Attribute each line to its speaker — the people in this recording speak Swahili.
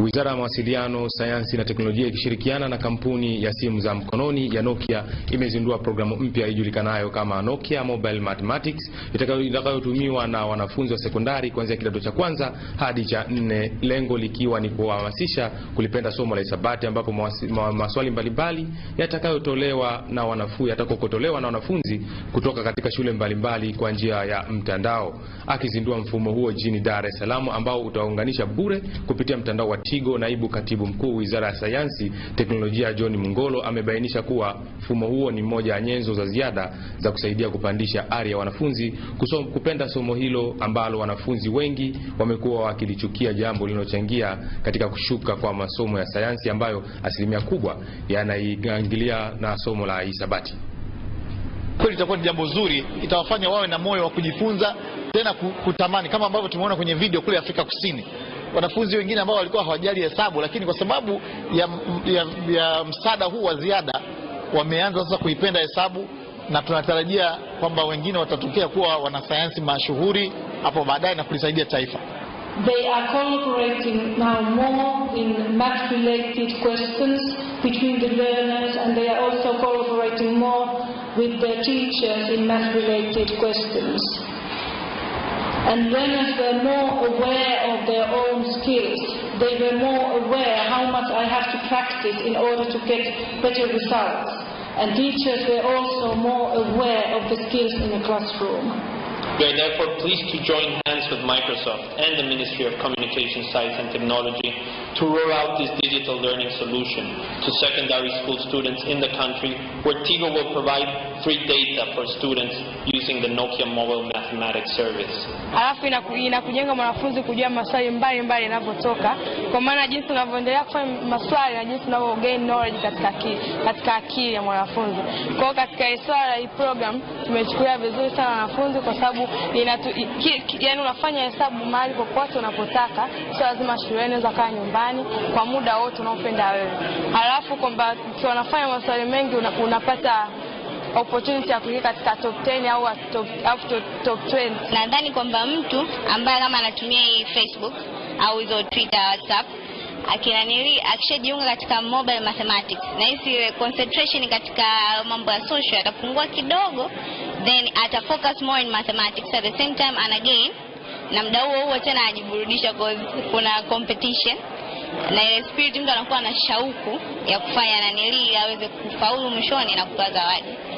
Speaker 1: Wizara ya Mawasiliano, Sayansi na Teknolojia ikishirikiana na kampuni ya simu za mkononi ya Nokia imezindua programu mpya ijulikanayo kama Nokia Mobile Mathematics itakayotumiwa na wanafunzi wa sekondari kuanzia kidato cha kwanza hadi cha nne, lengo likiwa ni kuwahamasisha kulipenda somo la hisabati, ambapo maswali mbalimbali yatakayotolewa na wanafunzi yatakokotolewa na wanafunzi kutoka katika shule mbalimbali kwa njia ya mtandao. Akizindua mfumo huo jijini Dar es Salaam ambao utaunganisha bure kupitia mtandao wa Mtigo, naibu katibu mkuu wizara ya sayansi teknolojia, John Mungolo amebainisha kuwa mfumo huo ni moja ya nyenzo za ziada za kusaidia kupandisha ari ya wanafunzi kusom, kupenda somo hilo ambalo wanafunzi wengi wamekuwa wakilichukia, jambo linalochangia katika kushuka kwa masomo ya sayansi ambayo asilimia kubwa yanaiangilia na somo la hisabati.
Speaker 2: Kweli itakuwa ni jambo zuri, itawafanya wawe na moyo wa kujifunza tena kutamani, kama ambavyo tumeona kwenye video kule Afrika Kusini wanafunzi wengine ambao walikuwa hawajali hesabu, lakini kwa sababu ya, ya, ya msaada huu wa ziada wameanza sasa kuipenda hesabu na tunatarajia kwamba wengine watatokea kuwa wanasayansi mashuhuri hapo baadaye na kulisaidia taifa.
Speaker 3: They are collaborating now more in math related questions between the learners and they are also collaborating more with their teachers in math related questions. And learners were more aware of their own skills, they were more aware how much I have to practice in order to get better results. And teachers were also more aware of the skills in the classroom.
Speaker 4: We are therefore pleased to join hands with Microsoft and the Ministry of Communication, Science and Technology to roll out this digital learning solution to secondary school students in the country where Tigo will provide free data for students using the Nokia Mobile Mathematics Service.
Speaker 5: Alafu inakujenga mwanafunzi kujua maswali mbalimbali yanavyotoka kwa maana jinsi unavyoendelea kufanya maswali na jinsi unavyo gain knowledge katika akili, katika akili ya mwanafunzi. Kwa hiyo katika swala hii program tumechukulia vizuri sana wanafunzi kwa sababu sababu ki, ki, yani unafanya hesabu mahali popote unapotaka, sio lazima shuleni, unaweza kaa nyumbani kwa muda wote unaopenda wewe. Halafu kwamba unafanya maswali mengi una, unapata opportunity ya kuingia katika top 10 au top, top, top 20.
Speaker 6: Nadhani kwamba mtu ambaye kama anatumia hii Facebook au hizo Twitter, WhatsApp akinanili akishajiunga katika mobile mathematics, na hisi concentration katika mambo ya social yatapungua kidogo, then ata focus more in mathematics at the same time and again, na mda huo huo tena ajiburudisha kuna competition na ile spirit, mtu anakuwa na shauku ya kufanya nili aweze kufaulu mwishoni na kupewa zawadi.